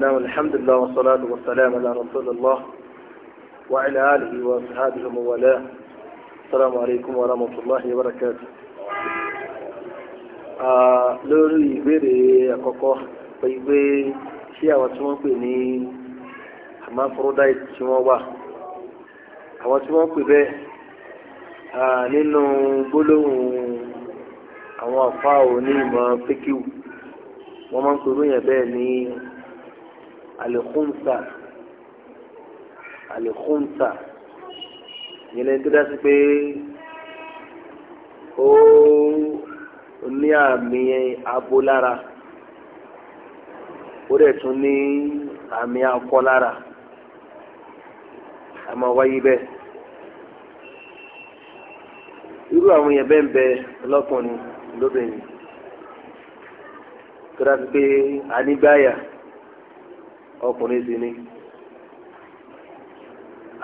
نعم الحمد لله والصلاة والسلام على رسول الله وعلى آله وأصحابه ومن والاه السلام عليكم ورحمة الله وبركاته lórí ìbéèrè àkọ́kọ́ pé pé ṣé àwọn tí wọ́n pè ní hermaphrodite tí wọ́n wà àwọn tí wọ́n pè bẹ́ẹ̀ nínú gbólóhùn àwọn àfa òní ìmọ̀ pékìwù wọ́n máa ń pè lóyìn bẹ́ẹ̀ ní alikunsa alikunsa yẹn tó dá sí pé ó ní àmì abo lára ó dẹ̀ tún ní àmì akọ lára a máa wáyé bẹ́ẹ̀ irú àwọn yẹn bẹ́ẹ̀ bẹ lọ́kùnrin lóbìnrin tó dá sí pé anígbáyà ọkùnrin sì ni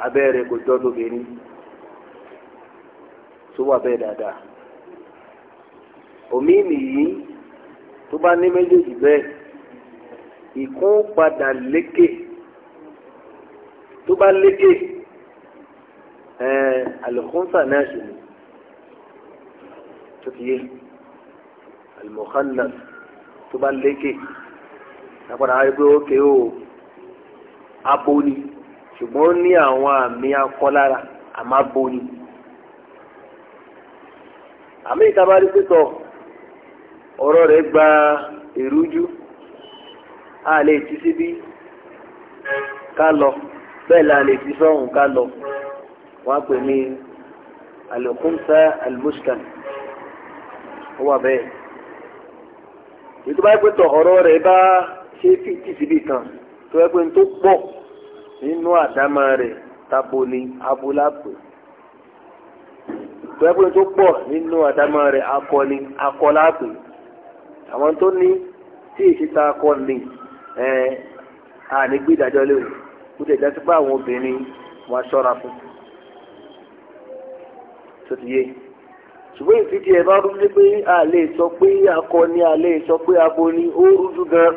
abẹ́ rẹ̀ kò jọ́ tóbìnrin tó wà bẹ́ẹ̀ dáadáa omi nìyí tó bá ní méjèèjì bẹ́ẹ̀ ìkún padà lékè tó bá lékè ẹ̀ eh, alùkúnsà náà sì ni tó ti yé alùmọ̀kànnà tó bá lékè lápàdà wáyé pé ó kéwòó abo ni ṣùgbọ́n ó ní àwọn àmì akọ lára àmọ́ abo ni. àmì ìtabárí pípọ̀ ọ̀rọ̀ rẹ̀ gba èrújú a lè ti síbí ká lọ bẹ́ẹ̀ la lè ti sọ́hùn ká lọ wọ́n á pè ní alukunsa almuskan ó wà bẹ́ẹ̀ ìtúbáyé pípọ̀ ọ̀rọ̀ rẹ̀ bá ṣe fi ti síbí kan tó yẹ pé n tó pọ̀ nínú àdámà rẹ̀ tabole abúlápè tó yẹ pé n tó pọ̀ nínú àdámà rẹ̀ akọni akọlápè àwọn tó ní tí ìṣíta akọni ẹ ànígbé ìdájọ́ léwu kó lè dásí pé àwọn obìnrin wọn aṣọra fún tó ti yé ṣùgbọ́n ìfìdí ẹ̀ bá rú pé a lè sọ pé akọni a lè sọ pé abo ni ó rújú gan-an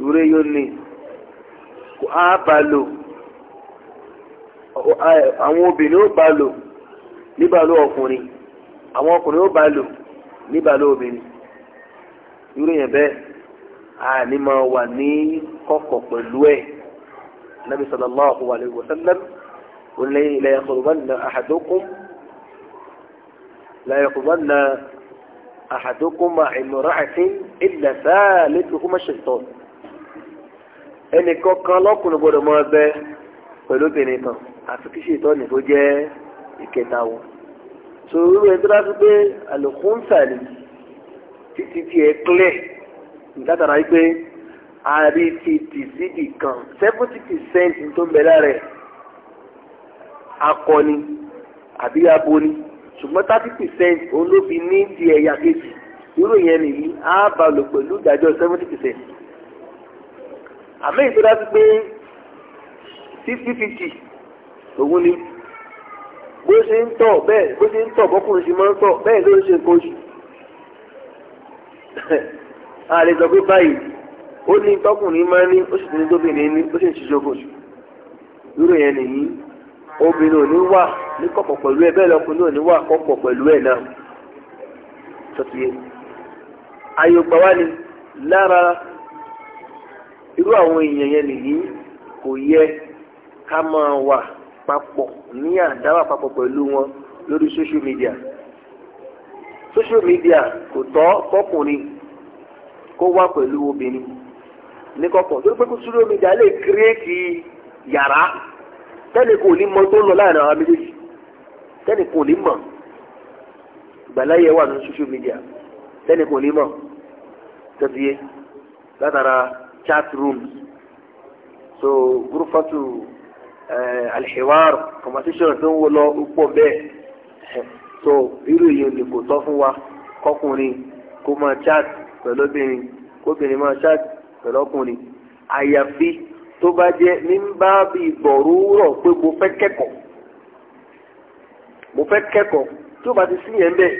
wure yoni kò á bá lò àwọn obìnrin ó bá lò níbàlò ọkùnrin àwọn ọkùnrin ó bá lò níbàlò obìnrin irú yẹn bẹ́ẹ̀ àní máa wà ní kọ̀kọ̀ pẹ̀lú ẹ̀ nabi sallallahu alayhi wa sallam onílẹ̀yìn ilẹ̀ yakurubanna ahadukum la yakurubanna ahadukum ma ìmọ̀ràn àti ìdàsá létí kúmọ̀ ṣètọ́nù ẹnìkọ̀ọ̀kan lọ́kùnrin gbọ́dọ̀ máa bẹ pẹ̀lú obìnrin kan àfi kí ṣètọ́ ní tó jẹ́ ìkẹta wọn. sòrò rẹ̀ tó dájú pé àlòkùnfà ni títí tí ẹ clear látara wípé àrí ti tì síbì kan seventy percent tó ń bẹ lára ẹ̀ akọni àbí aboni ṣùgbọ́n thirty percent òun ló fi ní ti ẹ̀yà kejì irú ìyẹn nìyí á bá lò pẹ̀lú ìdájọ́ seventy percent. àmì ìtura ti pé fifty fifty òun ni bó ṣe ń tọ̀ bẹ́ẹ̀ bó ṣe ń tọ̀ bọ́kùnrin ṣe máa ń tọ̀ bẹ́ẹ̀ ló ń ṣe nǹkan oṣù a lè sọ pé báyìí ó ní tọkùnrin máa ní ó sì ní tóbìnrin ní ó sì ń ni lára irú àwọn èèyàn yẹn nìyí kò yẹ ká máa wà papọ̀ ní àdáwà papọ̀ pẹ̀lú wọn lórí social media social media kò tọ́ kọkùnrin kó wà pẹ̀lú obìnrin ní kọkàn torí pé kó social media lè kírètì yàrá tẹ́lẹ̀ kò ní mọ tó ń lọ láàrin àwọn méjèèjì tẹ́lẹ̀ kò ní mọ̀ gbàláyé wà ní social media tẹ́lẹ̀ kò ní mọ̀ tẹ́tù látara chat rooms so gurufatu eh, alhiwar conversation tó ń wọ lọ púpọ̀ bẹ́ẹ̀ so irú yìí ni kò tọ́ fún wa kọkùnrin kó máa chat pẹ̀lú obìnrin kóbìnrin máa chat pẹ̀lú ọkùnrin àyàfi tó bá jẹ́ ní bá bí bọ̀rúrọ̀ pé mo fẹ́ kẹ́kọ̀ọ́ mo fẹ́ kẹ́kọ̀ọ́ tí ó bá ti sí yẹn bẹ́ẹ̀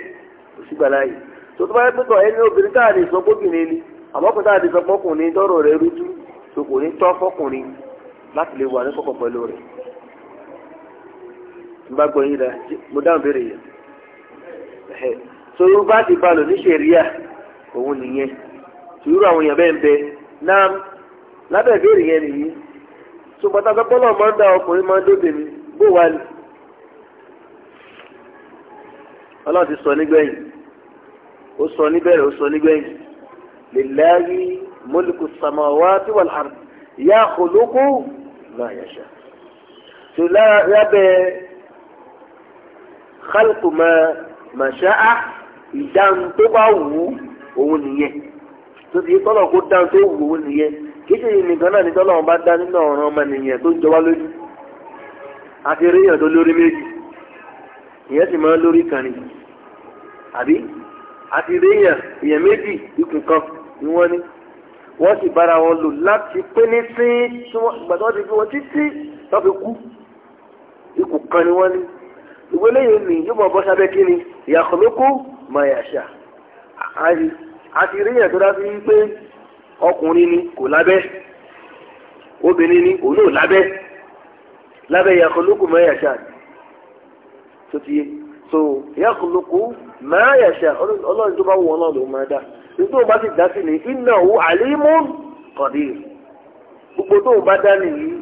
kò sígbà láàyè tó tó bá yẹ pé tọ̀ ẹni obìnrin táà lè sọ gbóbìnrin ni. àmọ́ kò sáà sọ fọkùnrin dọ́rọ̀ rẹ̀ rújú tó ní tọ́ láti lè wà ní kọ̀kọ̀ pẹ̀lú rẹ̀ n bá ya rẹ̀ mo dáhùn béèrè yẹn sori bá ti òun nìyẹn sùúrù àwọn èèyàn bẹ́ẹ̀ náà lábẹ́ yẹn nìyí gbọ́dọ̀ máa ń ọkùnrin máa ń bó lillahi mulku samawati wal ard yakhluqu ma yasha tó lábẹ́ khalqu ma ma sha'a ìdáhùn tó bá wù òun nìyẹn tó ti tọ́lọ̀ kó dáhùn tó wù òun nìyẹn kéde nìkan náà ni tọ́lọ̀ bá dá nínú ọ̀ràn ọmọnìyàn tó ń jọ wá lójú àti ríyàn tó lórí méjì ìyẹn sì máa ń lórí kan ni àbí àti ríyàn èèyàn méjì ikùn kan ni wọ́n ní wọ́n sì bára wọn lò láti pé ní sí ìgbà tí wọ́n ti fi wọn títí tó fi kú ikú kan ni wọ́n ní ìwé lẹ́yìn mi yóò mọ̀ bọ́ sábẹ́ kí ni ìyàkọ̀lókù máa yàṣà àti rí yẹn tó dájú pé ọkùnrin ni kò lábẹ́ obìnrin ni òun ò lábẹ́ lábẹ́ ìyàkọ̀lókù máa yàṣà tó ti yé so ìyàkọ̀lókù máa yàṣà ọlọ́run tó bá wù wọn náà máa dá tó bá ti dá sí ni innahu alimun qadir gbogbo tó bá dá nìyí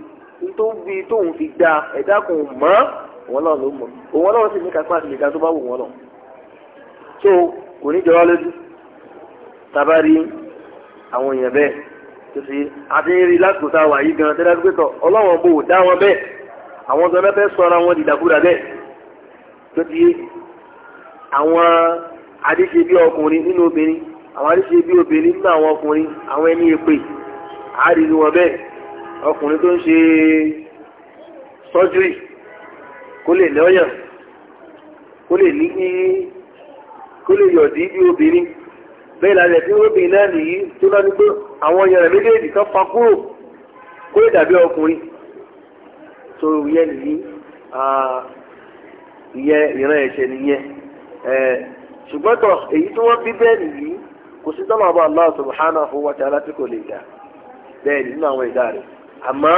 tó bí tóun fi dá ẹ̀dá kò mọ́ òun náà ló mọ̀ òun náà sì ní kápá àti nìkan tó bá wù wọ́n lọ. tó kò ní jọra lójú tabari àwọn èèyàn bẹ́ẹ̀ tó ṣe àfihàn lásìkò tá a wà yìí gan tẹ́lẹ̀ pé ọlọ́wọ́n bò dá wọn bẹ́ẹ̀ àwọn tó fẹ́ sọ ara wọn dìdàkúdà bẹ́ẹ̀ tó ti àwọn adéṣe bí ọkùnrin nínú obìnrin àwọn àríṣe bí obìnrin nínú àwọn ọkùnrin àwọn ẹni èpè àárín wọn bẹ́ẹ̀ ọkùnrin tó ń ṣe sọ́júrì kó lè lọ́yàn kó lè ní kó lè yọ̀dí bí obìnrin bẹ́ẹ̀ lálẹ́ tí obìnrin náà nìyí tó lọ́ni pé àwọn ọyàn rẹ̀ méjèèjì kan pa kúrò kó lè dàbí ọkùnrin tó yẹn nìyí ìyẹn ìran ẹ̀ṣẹ̀ nìyẹn ṣùgbọ́n tọ̀ èyí tí wọ́n bí bẹ́ẹ̀ nìyí kò sí tọ́lọ̀ ọba Allah subhanahu wa ta'ala tí kò lè dá bẹ́ẹ̀ nínú àwọn ẹ̀dá rẹ̀ àmọ́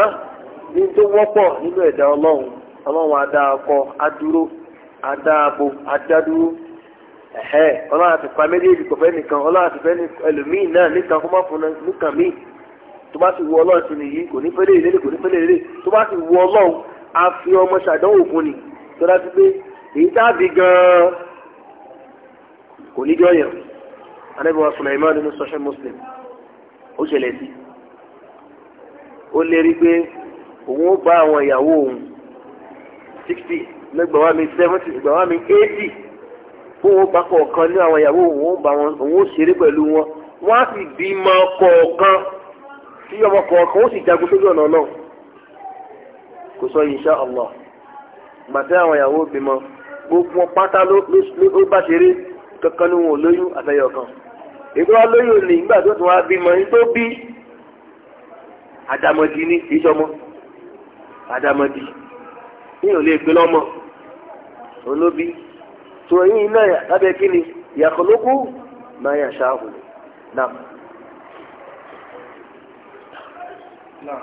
ní tó wọ́pọ̀ nínú ẹ̀dá ọlọ́run ọlọ́run adá akọ adúró adá abo adádúró ẹ̀hẹ́ ọlọ́run àti pa méjèèjì kò nìkan ọlọ́run àti fẹ́ ẹlòmíì náà nìkan kó má fún nìkan míì tó bá ti wọ ọlọ́run sí nìyí kò ní fẹ́lẹ́ ìrẹ́lẹ̀ kò ní fẹ́lẹ́ ìrẹ́lẹ̀ tó bá ti wọ ọlọ́run a fi ọmọ ṣàdánwò fún ni tó dájú pé èyí tá a bí gan-an kò ní jọyàn anábì wa Sulaiman nínú sọ́ṣẹ́ muslim ó ṣẹlẹ̀ sí ó lérí pé òun ó bá àwọn ìyàwó òun sixty lẹ́gbàá wa mi seventy lẹ́gbàá wa mi eighty fún òun bá kọ̀ọ̀kan ní àwọn ìyàwó òun ó bá wọn òun ó ṣeré pẹ̀lú wọn wọ́n á sì bímọ kọ̀ọ̀kan tí ọmọ kọ̀ọ̀kan ó sì jagun sójú ọ̀nà náà kò sọ insha Allah màtí àwọn ìyàwó bímọ gbogbo pátá ló bá ṣeré kankan ní wọn ò lóyún àtẹyọ kan ètò wa lóyè òní nígbà tó tún wá bímọ ní tó bí àdàmọ̀dì ní kì í ní ò lè olóbi tó yín náà lábẹ́ kí ni yàkọ̀lókù máa yà ṣáàhùn náà. Nah,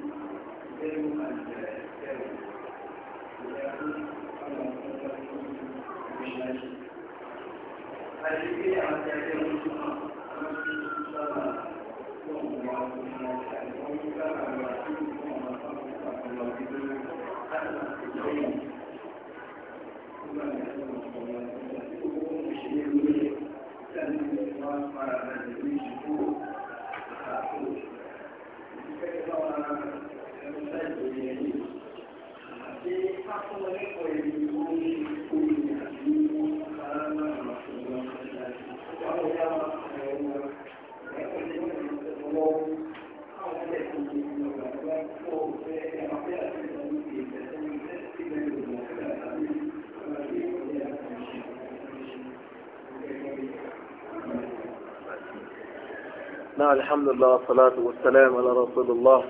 náà alhamdulilah salatu wa salam ala rasulillah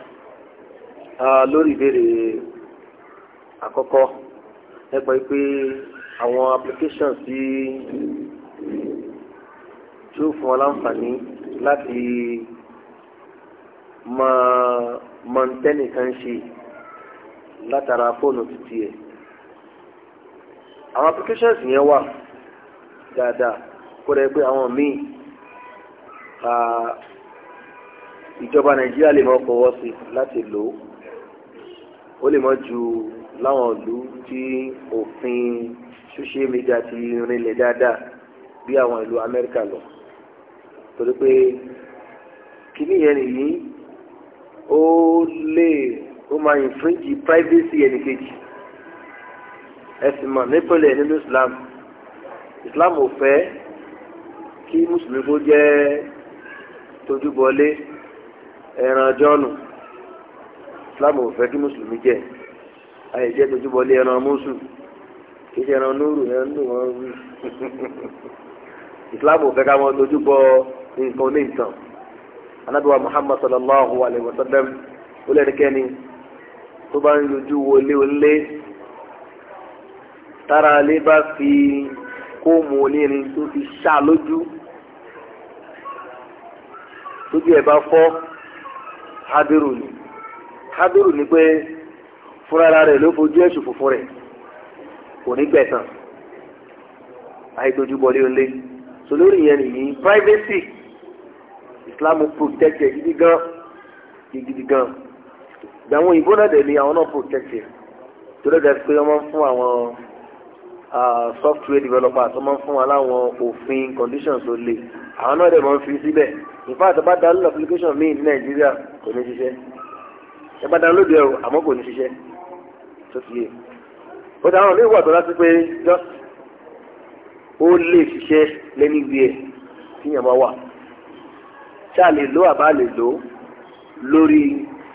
lórí ìbéèrè àkọ́kọ́ nípa pé àwọn application sí tí ó fún ọ láǹfààní láti máa mọ̀ntẹ́nìkan ṣe látara fóònù títí ẹ̀ àwọn applications yẹn wà dáadáa kó rẹ pé àwọn míì ìjọba nàìjíríà lè mọ fọwọ́ sí láti lò ó ó lè mọ ju láwọn ìlú tí òfin social media ti rinlẹ̀ dáadáa bí àwọn ìlú amẹ́ríkà lọ torí pé kíní yẹn nìyí ó lè ó máa infringe privacy ẹnìkejì ẹ̀sìn mọ̀ nípínlẹ̀ nínú islam islam ò fẹ́ kí mùsùlùmí kó jẹ́ tójúbọlé ẹran jọ́nù islam ò fẹ́ kí mùsùlùmí jẹ àyè jẹ́ tójúbọlé ẹran mùsùn kì í ṣe ẹran núrù ẹran nù wọn wí islam ò fẹ́ ká wọn tójúbọ nǹkan ní nǹkan anábìwá muhammad sallallahu alayhi wa sallam ó lẹ́nikẹ́ni tó bá ń yọjú wọlé wọlé tára lé bá fi kóòmù onírin tó fi ṣá lójú tójú ẹ̀ bá fọ́ hadiru ni hadiru ni pé fúnra rẹ̀ ló fojú ẹ̀ṣù fòfò rẹ̀ kò ní gbẹ̀san àìdójúbọlé olé so lórí yẹn nìyí privacy islam protect ẹ gidi gan gidi gan ìgbà àwọn òyìnbó náà dẹ̀ ni àwọn náà protect ẹ tó lọ́dọ̀ pé wọ́n máa ń fún àwọn software developers, tó máa ń fún wa láwọn òfin conditions tó le àwọn náà dẹ̀ máa ń fi síbẹ̀ ìfá àtàbá download application míì ní nàìjíríà kò ní ṣiṣẹ́ ẹ bá download ẹ̀rọ àmọ́ kò ní ṣiṣẹ́ tó ti yé ó dá àwọn oníwà láti pé just ó lè ṣiṣẹ́ lẹ́ni ibi ẹ̀ tí yẹn bá wà ṣáà lè lo àbá lè lo lórí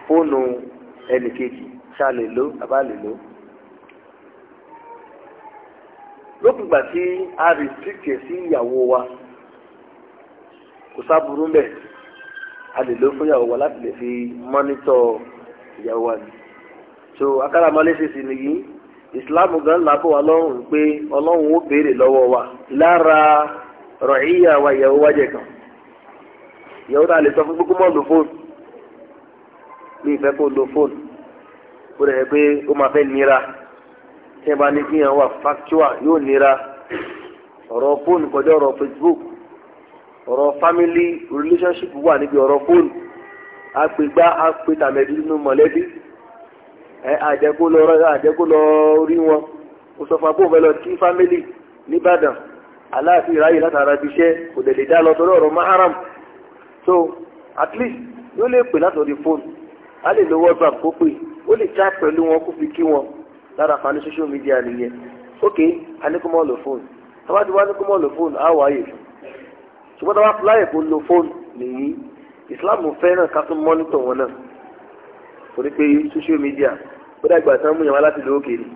fóònù ẹnìkejì ṣáà lè lo àbá lè lo. lókùngbà tí a restrict ẹ̀ sí ìyàwó wa kò sábúrú mbẹ a lè lò fún ìyàwó wa láti lè fi mọ́nítọ̀ ìyàwó wa ni so akáramaléṣèṣì nìyí ìsìláàmù gan làbọ̀ wa lọ́rùn pé ọlọ́run ó béèrè lọ́wọ́ wa lára rọ̀ìyà wa ìyàwó wa jẹ kan ìyàwó náà lè sọ fún gbogbo mọ́ lo fóònù mi ìfẹ́ kó lo fóònù kó rẹ̀ pé ó máa fẹ́ nira tí ẹ bá ní kí yẹn wà factual yóò nira ọ̀rọ̀ fóònù kọjá ọ̀rọ̀ facebook ọ̀rọ̀ family relationship wà níbi ọ̀rọ̀ fóònù àpègbà àpètàmẹ̀dì nínú mọ̀lẹ́bí ẹ àjẹkó lọ àjẹkó lọ rí wọn òṣòfò àbò fẹ́ lọ family nìbàdàn aláàfin ìráyè látara ibi iṣẹ́ kò dẹ̀ lè dá lọ sọ́dọ̀ ọ̀rọ̀ maharam so at least yóò lè pè látọ̀dí fóònù a lè lo whatsapp kó pè ó lè chat pẹ̀lú wọn kó fi kí wọn. lára àǹfààní social media nìyẹn ok anikuma lo fóònù tọ́ba ti wá a lo fóònù á wáyé fún ṣùgbọ́n tọ́ba fúláyè kó lo nìyí Islam fẹ́ràn ká tún mọ́nítọ̀ wọn náà torí pé social media ó dàgbà tán mú yàrá láti lóòkè ni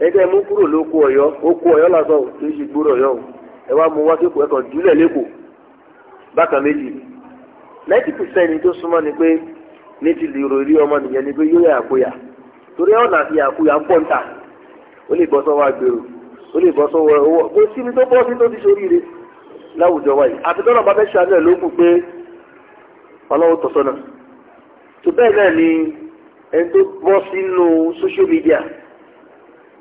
ẹgbẹ́ mú kúrò lóko Ọ̀yọ́ oko Ọ̀yọ́ làtọ̀ tó ń ṣe Ọ̀yọ́ ẹ wá mú wá sí jùlẹ̀ lẹ́kọ̀ọ́ bákan méjì ninety percent tó súnmọ́ ni pé ní ti torí ọ̀nà àti àkúyà ń pọ̀ ń tà ó lè bọ́ sọ́wọ́ agbèrò ó lè bọ́ sọ́wọ́ owó kò síbi tó bọ́ sí tó ti ṣoríire láwùjọ wáyé àti tọ́lọ̀ bá fẹ́ ṣàánú ẹ̀ ló kù pé ọlọ́wọ́ tọ̀sọ́nà tó bẹ́ẹ̀ náà ni ẹni tó bọ́ sínú social media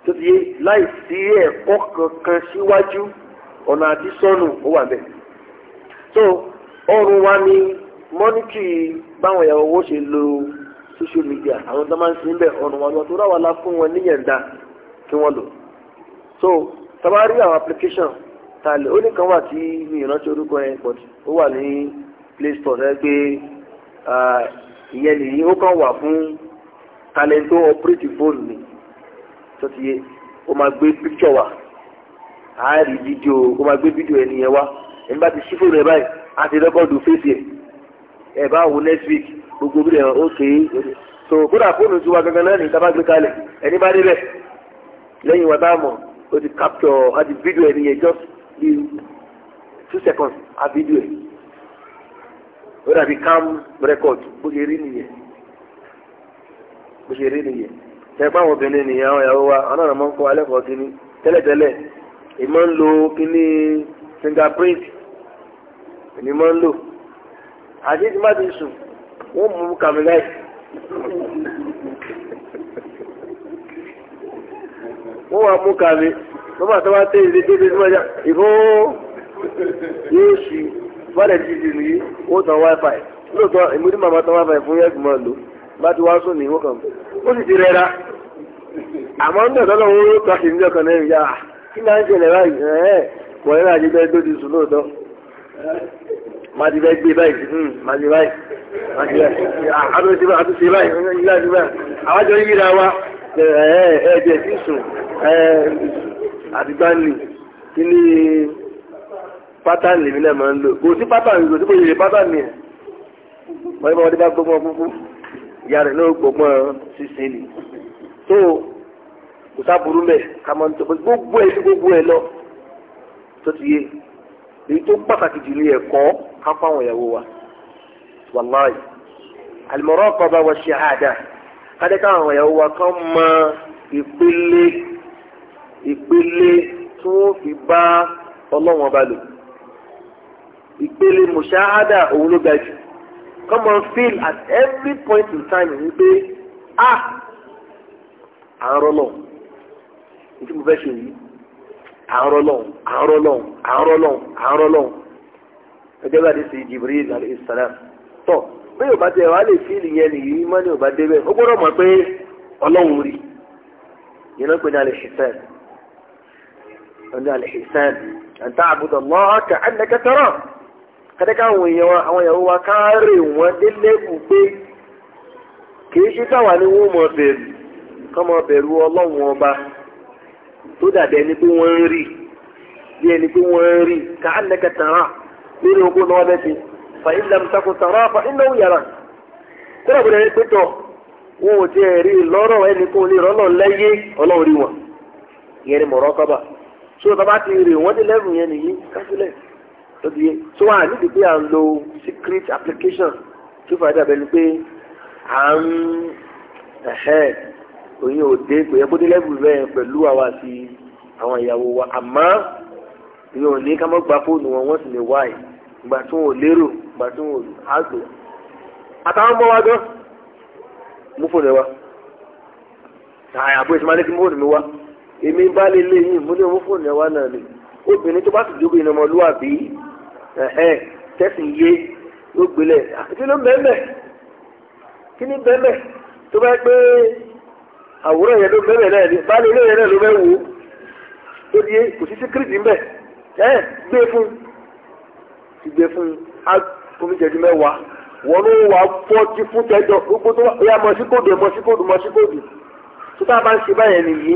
tó ti yé láì sí ẹ̀kọ́ kankan síwájú ọ̀nà àti sọnù ó wà bẹ́ẹ̀ so ọrùn wa ni mọ́nítì báwọn ìyàwó ṣe lo social media àwọn tó máa ń sin bẹ́ẹ̀ ọ̀nà wọn lọ tó ráwa la fún wọn níyẹ̀ǹda kí wọ́n lò so tabari àwọn application ta lè ó ní kan wà tí mi ìrántí orúkọ yẹn but ó wà ní play store ẹ pé ìyẹn nìyí ó kàn wà fún talento operate phone mi tó ti yé ó máa gbé picture wa, a rí fídíò ó máa gbé fídíò ẹnìyẹn wá ẹni bá ti ṣí fóònù ẹ báyìí a ti fèsì ẹ ẹ bá wo next week gbogbo bí ẹ̀rọ ó so kódà fóònù tí wà gangan náà ní ìta bá gbé kalẹ̀ ẹni bá débẹ̀ lẹ́yìn wa tá a mọ̀ ti capture a ti video ẹ̀ nìyẹn just bí two seconds a video ẹ̀ ó dàbí cam record bó ṣe rí nìyẹn bó ṣe rí nìyẹn tẹ́gbọ́n àwọn obìnrin nìyẹn àwọn ìyàwó wa àwọn ọ̀nà máa ń kọ́ alẹ́ kọ́ kínní tẹ́lẹ̀tẹ́lẹ̀ ìmọ̀ ń lo kínní fingerprint ìní máa ń lò àti ìdí má ti sùn wọ́n mú kàmí láì. wọ́n wá mú kàmí wọ́n bá tó wá tẹ́ ìdí débi tí wọ́n yá ìbò yóò ṣì bọ́lẹ̀ ti di nìyí ó tan wifi lóòótọ́ ìmúdí màmá tan wifi fún yẹ́sì máa lò bá ti wá sùn ní ìwọ́n kan ó sì ti rẹra àmọ́ ń dọ̀tọ́ lọ́wọ́ ó tọ́ sí ní ọkàn náà yá kí náà ń ṣẹlẹ̀ báyìí ẹ̀ẹ́ wọ̀nyí náà ti máa ti fẹ́ gbé báyìí hmm, máa ti báyìí máa ti báyìí àtúnṣe ah, báyìí àtúnṣe báyìí ilé àti báyìí àwọn àjọ yíra wa ẹ̀ẹ́dẹ̀ tí sùn àdìgbànì kí ni pátánì lèmi náà máa ń lò kò sí pátánì kò sí kò yèrè pátánì ẹ̀ wọ́n yóò bá gbọ́gbọ́n púpọ̀ ìyá rẹ̀ náà gbọ́gbọ́n ṣíṣe nì tó kò sábúrú mẹ́ ká máa ń tọ́ gbogbo ẹ̀ sí gbogbo ẹ̀ lọ tó ti yé èyí tó pàtàkì jù ní ẹ̀kọ́ kápá àwọn ìyàwó wa wàláì al-muraqaba wa shahada kádẹ́ká àwọn ìyàwó wa kán mọ ìpele ìpele tí wọ́n fi bá ọlọ́wọ́n ba lò ìpele mushahada òun ló ga jù kán feel at every point in time wípé ah àárọ̀ náà ní tí mo fẹ́ ṣe yìí. àárọ̀ lọ́hùn àárọ̀ lọ́hùn àárọ̀ lọ́hùn àárọ̀ lọ́hùn salam an wọn tó dàbí ẹni pé wọ́n ń rí bí ẹni pé wọ́n ń rí ká tàrà lórí náà ti fa ilẹ̀ musakun tàrà fa ilẹ̀ òun yàrá kódà bó dàbí wọn ò tiẹ̀ rí lọ́rọ̀ ẹni kó lè rọ́lọ́ ọlọ́run rí wọn ìyẹn ni mọ̀rọ́ so bàbá ti rè wọ́n ti lẹ́rù yẹn nìyí so wà níbi pé à ń lo secret application tó òye òde kò yẹ kó dé lẹ́bù bẹ́ẹ̀ pẹ̀lú àwa àti àwọn ìyàwó wa àmọ́ ìyẹn ò ní ká mọ́ gba fóònù wọn wọ́n sì lè wáyé ìgbà tí wọn ò lérò ìgbà tí wọn ò àgbò àtàwọn ọmọ wa gan mú fóònù ẹ wá àyàbọ̀ ìsúnmọ́lé kí fóònù mi wá èmi bá lè lé yín mú ní mú fóònù ẹ náà ni obìnrin tó bá sì dúró ìnáwó lúwàbí tẹ́sí yé ló gbélé àti kí ló bẹ́ẹ̀ bẹ́ẹ̀ kí ni bẹ́ẹ̀ bẹ́ẹ̀ tó bá pé àwòrán yẹn ló bẹ́ẹ̀ náà ni baálé ilé yẹn náà ló bẹ́ẹ̀ wò ó tó di kò sí síkírìtì ń bẹ̀ ẹ́ gbé e fún ti gbé e fún á fún ìjẹ́jú mẹ́wàá wọn ló wà fọ́ọ̀tì fún tẹ́jọ gbogbo tó yà mọ̀ sí kóòdù mọ̀ sí kóòdù mọ̀ sí kóòdù tó tá a bá ń ṣe báyẹn nìyí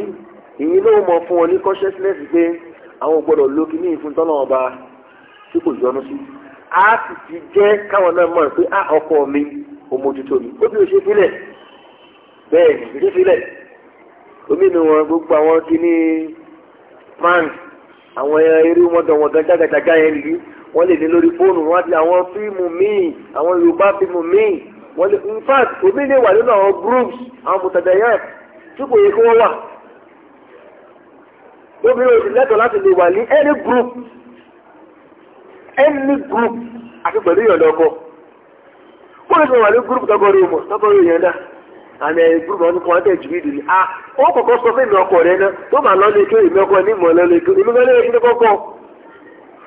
èyí ló mọ̀ fún wọn ní consciousness pé àwọn gbọ́dọ̀ lo kíní ìfún tọ́nà ọba tí kò yọnu sí á sì ti jẹ́ káwọn náà mọ̀ pé á ah, ọkọ mi òmòtútù mi ó bí o ṣe sílẹ̀ bẹ́ẹ̀ ni ìdí sílẹ̀ omi nu wọn gbogbo àwọn kíní fans àwọn eré wọn dàn wọn gan jágàjágá yẹn lù wọn lè ní lórí fóònù wọn àti àwọn fíìmù míì àwọn yorùbá fíìmù míì wọn lè in fact omi lè wà nínú àwọn groups àwọn mùtàdà yẹn tí kò yẹ kí wọ́n wà obìnrin òsì lẹ́tọ̀ọ́ láti lè wà ní any group any group àti pẹ̀lú ìyọ̀dọ̀ ọkọ ó lè sọ wà ní group tọkọ rí mọ̀ tọkọ rí yẹn dáa àmì ẹ̀yìn gúrùmù ọdún kan tẹ̀ jùlọ ìdìlì a ó kọ̀kọ́ sọ fún èmi ọkọ rẹ náà tó máa lọ lékè èmi ọkọ ní ìmọ̀ lọ lékè èmi lọ lékè kọ́kọ́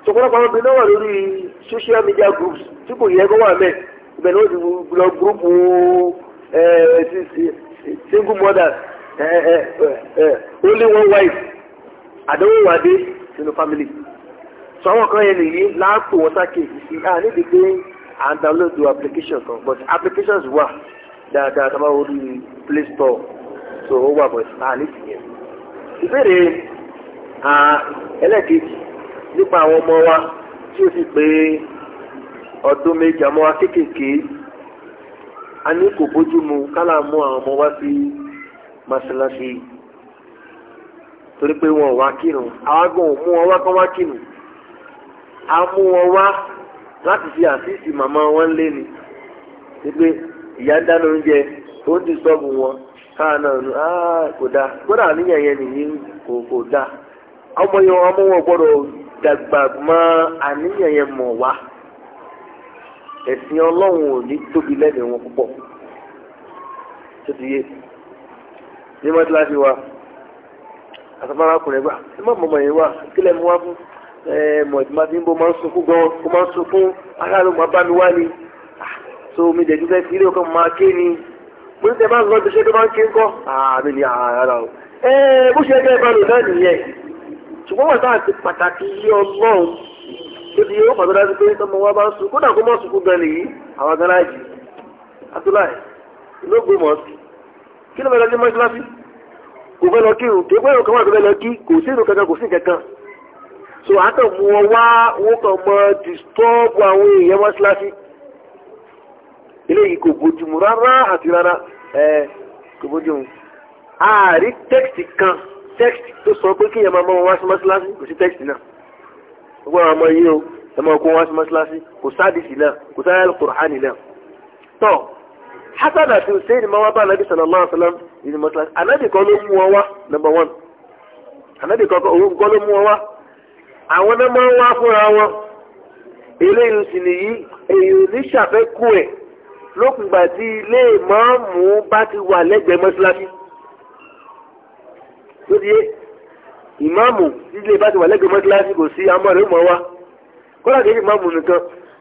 ṣọ̀pọ̀lọpọ̀ àwọn obìnrin náà wà lórí social media groups tí kò yẹ kó wà mẹ́ ibẹ̀ ni ó ti lọ gúrùmù eh, single mothers eh, eh, only one wife àdánwò wà dé sínú family sọ àwọn kan yẹn nìyí láàpò wọn sáà kéèkì sí i à nídìí pé à ń download the application kan but applications wà. Wow dáadáa tó bá orí play store tó ó wà bọ̀ spanish yẹn. ìbéèrè ẹlẹ́ẹ̀kejì nípa àwọn ọmọ wa tí ó sì pé ọdún méjì àmọ́ wa kéékèèké a ní kò bójú mu kálá mú àwọn ọmọ wa sí mọ́ṣáláṣí torí pé wọn ò wá kírun àwọn gan ò mú wọn wá kán wá kírun a mú wọn wá láti fi àṣìṣì màmá wọn lé ni wípé ìyá dáná oúnjẹ ó ti sọ́ọ̀bù wọn káà náà nù kò dáa gbọ́dọ̀ àníyàn yẹn kò kò dáa ọmọ yẹn ọmọ wọn gbọ́dọ̀ dàgbà mọ́ àníyàn yẹn mọ̀ wá ẹ̀sìn ọlọ́run ò tóbi lẹ́nu wọn púpọ̀ wa gbà ẹ má mọ̀mọ́ yẹn wá kílẹ̀ wá fún ẹ mọ̀ ń bọ́ máa ń sunkún gan-an máa ń sunkún so mi dẹ̀ tún fẹ́ fi ilé ọkọ̀ máa ké ni mo ní tẹ bá lọ ṣe tó bá ń ké ńkọ́ àmì ah, ni àárá ah, o ẹ bó ṣe ẹgbẹ́ ìbálò náà nìyẹn ṣùgbọ́n wà táà ti pàtàkì yí ọlọ́run tó di ó pàtó dájú pé tọmọ wa bá ń sun kódà kó mọ̀ sunkún gan nìyí àwọn garaajì adúláì ló gbé mọ́ kí ló fẹ́ lọ sí mọ́ṣáláṣí kò fẹ́ lọ kí o kò fẹ́ lọ kí wọ́n fẹ́ lọ kí kò sí ìlú kankan kò sí kankan so àtọ̀ eléyìí kò bójúmu rárá àti rárá ẹ kò bójúmu. ààrí tẹ́kìtì kan tẹ́kìtì tó sọ pé kí ẹ̀ma máa wá sí mọ́ṣáláṣí kò sí tẹ́kìtì náà. gbogbo àwọn ọmọ yìí o ẹ máa kó wá sí mọ́ṣáláṣí kò sáàdìsì náà kò sáàyà kùránì náà. tọ́ hasan àti hussein máa wá bá anabi sallallahu alayhi wa sallam nínú mọ́ṣáláṣí anabi kan ló mú wọn wá number one anabi kan ló mú wọn wá àwọn náà máa wá fúnra wọn eléyìí sì nìyí èyí ò ní ṣàfẹ́ kú ẹ̀ lókùngbà tí ilé ìmọ̀ọ́mù bá ti wà lẹ́gbẹ̀ẹ́ mọ́ṣáláṣí tó di ìmọ̀ọ́mù tí ilé bá ti wà lẹ́gbẹ̀ẹ́ mọ́ṣáláṣí kò sí amọ̀ rẹ̀ mọ́ wa kọ́lá kejì ìmọ̀ọ́mù nìkan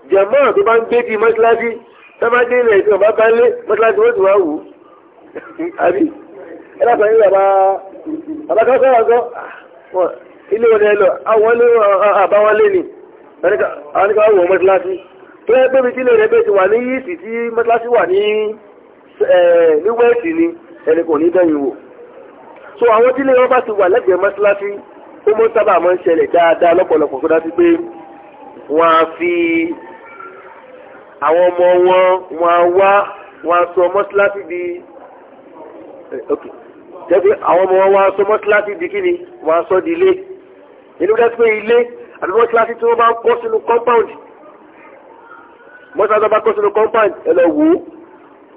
jẹ̀mọ́ tó bá ń gbé bí mọ́ṣáláṣí sábàdé ilẹ̀ ìfihàn bá bá lé mọ́ṣáláṣí wọ́n ti wá wù ú àbí ẹ lásán yín bàbá bàbá kan sọ̀rọ̀ ilé wọn ni ẹ lọ àwọn ilé àbáwọlé ni àwọn tó yẹ mi tí ilé rẹ̀ bẹ́ẹ̀ ti wà ní yíìsì tí mọ́tíláṣí wà ní wẹ́ẹ̀sì ni ẹni kò ní dẹ́yìn wò so àwọn tí ilé wọn bá ti wà lẹ́gbẹ̀ẹ́ mọ́tíláṣí ó mọ́ sábà máa ń ṣẹlẹ̀ dáadáa lọ́pọ̀lọpọ̀ tó dájú pé wọ́n á fi àwọn ọmọ wọn wọ́n á wá wọ́n á sọ mọ́tíláṣí di jẹ́pẹ́ àwọn ọmọ wọn wọ́n á sọ mọ́tíláṣí di kíni wọ́n á sọ di ilé inú dájú pé ilé àbí mọ́tíláṣí tí wọ́n bá ń kọ́ sínú compound mọ́sálásí bá kọ́ sínú compound ẹ lọ wò ó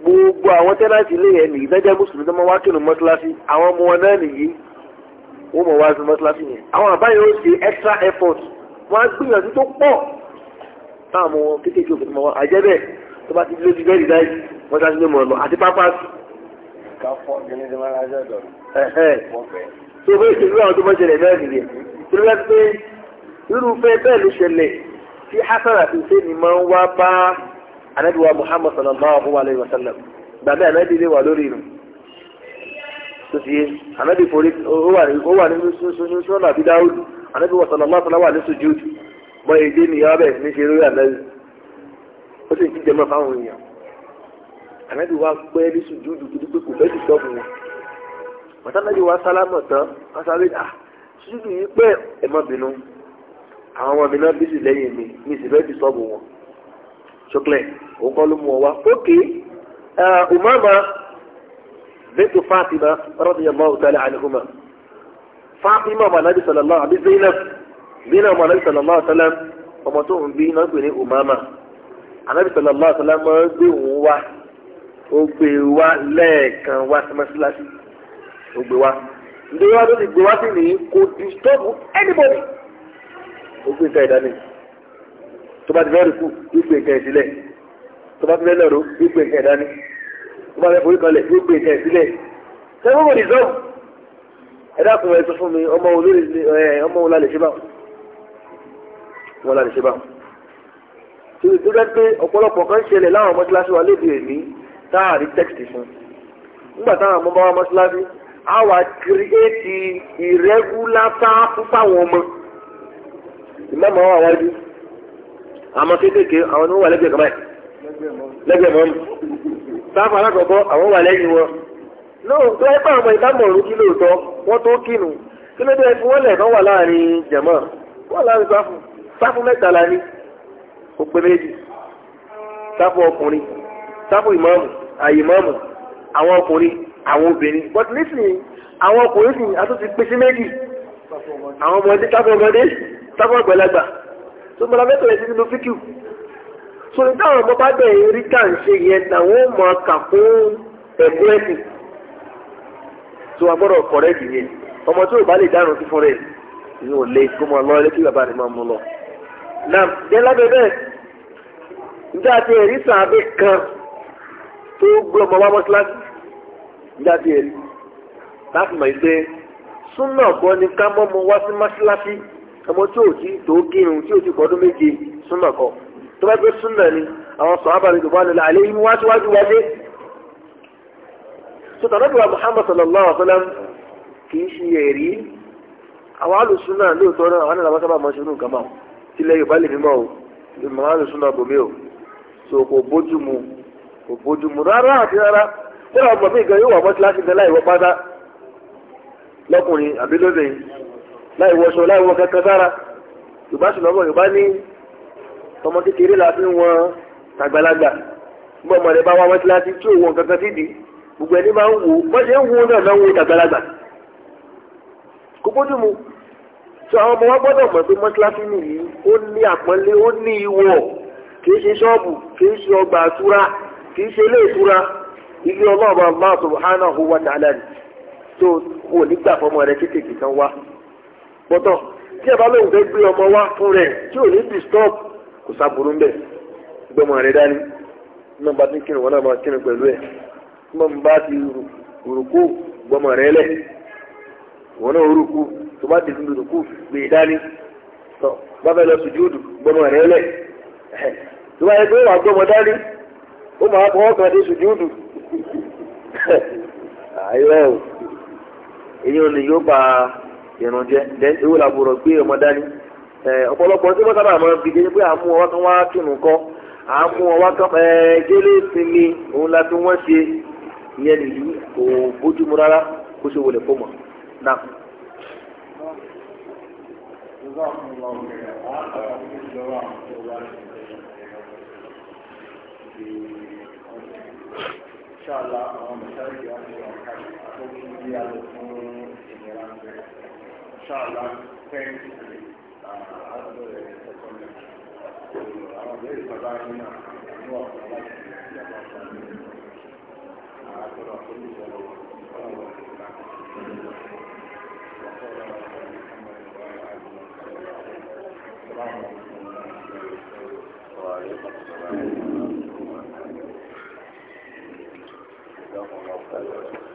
gbogbo àwọn tẹ́láǹtì ilé yẹn nìyí dájá mùsùlùmí tó máa wá kírun mọ́sálásí àwọn ọmọ wọn náà nìyí wọ́n mọ̀ wá sí mọ́sálásí yẹn àwọn àbáyọ ó ṣe extra effort wọ́n á gbìyànjú tó pọ̀ táwọn ọmọ kékeré òfin máa wá àjẹ́ bẹ́ẹ̀ tó bá ti dúró ti bẹ́ẹ̀ dídáyé mọ́sálásí ló mọ̀ ọ́ lọ àti pápásì. ká fọ́ gẹ́gẹ́ bí wọ́n rájọ́ dọ̀ tó bẹ́ẹ̀ ṣe tí hasan àti hussein máa ń wá bá anabi wa muhammad sallallahu alayhi wa sallam gbàgbé anabi lè wà lórí irun tó ti yé anabi forí ó wà ní sunsun àbí dáhùd anabi wa sallallahu alayhi wa sallam wà ní sujud bọ́ èdè nìyá bẹ́ẹ̀ ní ṣe lórí anabi ó sì ń jíjẹ mọ́ fáwọn èèyàn anabi wa pẹ́ ní sujud kìdí pé kò fẹ́ ti sọ́ọ̀bù wọn mọ̀tánàbí wa sálámọ̀ tán wọ́n sáré à ah, sujud yìí pẹ́ ẹ̀ mọ́ bínú àwọn ọmọ mi náà bí sì lẹ́yìn mi mi sì fẹ́ disọ́ọ̀bù wọn ṣọklẹ̀ òun kọ́ ló mú ọ wá ókè umama bintu fatima radiyallahu ta'ala anhuma fatima ọmọ anabi sallallahu àbí zainab zainab ọmọ anabi sallallahu ta'ala ọmọ tó ń bí náà pè ní umama anabi sallallahu ta'ala máa ń gbé òun wá ó gbé wá lẹ́ẹ̀kan wá sí mọ́síláṣí ó gbé wá ǹdí wá ló ti gbé wá sí nìyí kò disturb anybody ó gbé nǹkan ìdání tó bá ti fẹ́ rìkú yóò gbé nǹkan ìsílẹ̀ tó bá ti fẹ́ lọ́rọ̀ yóò gbé nǹkan ìdání tó bá fẹ́ forí kanlẹ̀ yóò gbé nǹkan ìsílẹ̀ sẹ́wọ́n wò ní sọ́ọ̀ ẹ dákun ẹ sọ fún mi ọmọ wo lórí ẹ ọmọ wo la lè wọn la lè tí o dúró pé ọ̀pọ̀lọpọ̀ kan ṣẹlẹ̀ láwọn mọ́ṣáláṣí wa lébi èmi táàrí tẹ́kìtì fún nígbà táwọn ọmọ bá wá mọ́ṣáláṣí á wà kírẹ́ẹ̀tì irregular sáà fún fáwọn ìmáàmù àwọn àwájú àmọ́ kéékèèké àwọn ni wọ́n wà lẹ́gbẹ̀ẹ́ kàmáì lẹ́gbẹ̀ẹ́ mọ́mù sáfà alákọ̀ọ́kọ́ àwọn wà lẹ́yìn wọn lóòótọ́ tó ẹ bá àwọn ìbámu ọ̀rú kí lóòótọ́ wọ́n tó kínu kí ló dé fún wọn lẹ́ẹ̀kan wà láàrin jẹ̀mọ́ wọ́n láàrin sáfù sáfù mẹ́ta la ní kò pé méjì sáfù ọkùnrin sáfù ìmáàmù àyè ìmáàmù àwọn ọkùnrin àwọn obìnrin but nísìnyí àwọn ọkùnrin sì àtúntì pèsè méjì àwọn ọmọdé tábọ̀ ọmọdé tábọ̀ ọ̀gbẹ̀lagbà tó mọ̀lá mẹ́tọ̀ yẹn nínú fíkìú tó ní táwọn ọmọ bá bẹ̀ rí tà ń ṣe yẹn làwọn ọmọ kà fún ẹ̀kọ́ ẹ̀sìn tó wà gbọ́dọ̀ kọ̀rẹ́ jù yẹn ọmọ tó bá lè dárun sí fún rẹ̀ ní ò lè kó mọ lọ ilé kí bàbá rẹ̀ máa mú lọ. nà jẹ́ lábẹ́ bẹ́ẹ̀ njẹ́ àti ẹ̀rí sàbẹ̀ kan tó gbé ọmọ wá mọ́ṣáláṣí suna gbọ́ ni ká mọ́ mo wá sí mọ́ṣáláṣí ọmọ tí ò tí tó kírun tí ò tí gbọ́dún méje suna kọ tó bá gbé ni àwọn sọ ni dùbọ́ nílẹ̀ àlẹ́ yìí wájú wájú wájú. sọ̀tà lọ́dọ̀ wa Muhammad sallallahu alayhi wa sallam kì í ṣe ẹ̀rí àwọn alùsùnà lóòótọ́ náà àwọn àlàbà sábà máa ń bá lè mímọ́ o ìmọ̀ alùsùnà bòmí o so kò bójú mu kò bójú mu rárá àti lọ́kùnrin àbí lóbìnrin láì wọṣọ láì wọ kankan sára yorùbá sì lọ́gbọ̀n yorùbá ní ọmọ kékeré la fi ń wọn àgbàlagbà gbọ́ ọmọdé bá wá wọn kíláàsì tí òun kankan ti dì gbogbo ẹni máa ń wò ó bọ́sẹ̀ ń wo náà náà ń wo àgbàlagbà kò bójú mu tí àwọn ọmọ wa gbọ́dọ̀ mọ̀ pé mọ́sálásí nìyí ó ní àpọ́nlé ó ní ìwọ̀ kì ṣe ṣọ́ọ̀bù kì ṣe ọgbà àtúrà kì ṣe ilé ìtura ilé ọlọ́ọ̀bà Allah subhanahu wa ta'ala ni. tó wò nígbà fọmọ rẹ kéékèèké kan wá bọ́tọ̀ tí ẹ bá lóun fẹ́ gbé ọmọ wá fún rẹ tí ò ní disturb kò sábúrú ńbẹ gbọmọ rẹ dání mọ tí kírun wọn náà máa kírun pẹ̀lú ẹ mọ bá ti rùkú gbọmọ rẹ lẹ wọn náà bá ti e dundun tọ bá lọ gbọmọ rẹ lẹ tó bá yẹ wà gbọmọ dání ó máa èyí ò lè yóò ba irun jẹ dẹ ewu la gbọ́dọ̀ gbé ọmọ dání ọ̀pọ̀lọpọ̀ tí wọn sábà máa ń fi dé pé àmú ọwọ́ kan wá kírun kọ àmú ọwọ́ kan délé sinmi òun la fi wọn ṣe ìyẹn nìyí kò bójúmu rárá kó ṣe wọlé fọmọ náà. Inshallah, I'm going to tell you tó ti di àlò fún ìlera rẹ̀. ṣáàlà fẹ́ǹtì àádọ́ rẹ̀ tọ́tọ́ rẹ̀. àwọn ìbéèrè bàbá yín náà ló wà fún láti fi ìjàmbá fún mi. àgbọ̀dọ̀ ah, àfojúsọ ọ̀rọ̀ wà fún láti fi ìjàmbá fún mi. وعليكم السلام ورحمة الله وبركاته.